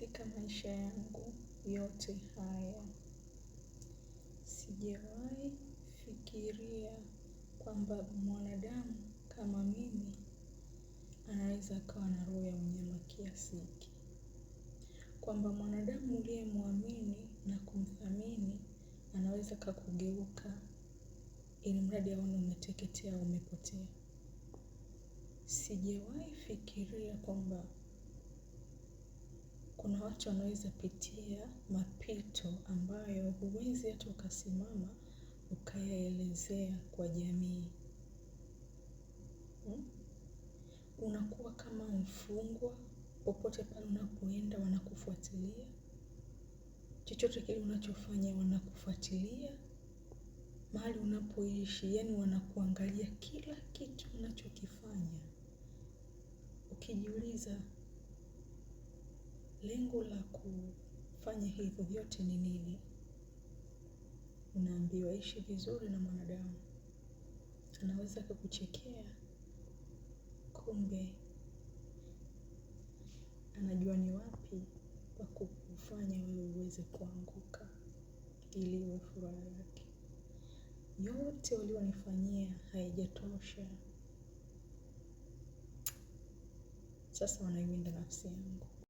Katika maisha yangu yote haya, sijawahi fikiria kwamba mwanadamu kama mimi anaweza akawa na roho ya unyama kiasi hiki, kwamba mwanadamu uliyemwamini na kumthamini anaweza kakugeuka ili mradi aone umeteketea, umepotea. Sijawahi fikiria kwamba kuna watu wanaweza pitia mapito ambayo huwezi hata ukasimama ukayaelezea kwa jamii hmm? Unakuwa kama mfungwa, popote pale unapoenda wanakufuatilia, chochote kile unachofanya wanakufuatilia, mahali unapoishi, yani wanakuangalia kila kitu unachokifanya ukijiuliza Lengo la kufanya hivyo vyote ni nini? Unaambiwa ishi vizuri na mwanadamu, anaweza kukuchekea, kumbe anajua ni wapi pa kufanya wewe uweze kuanguka ili uwe furaha yake. Yote walionifanyia haijatosha, sasa wanaiwinda nafsi yangu.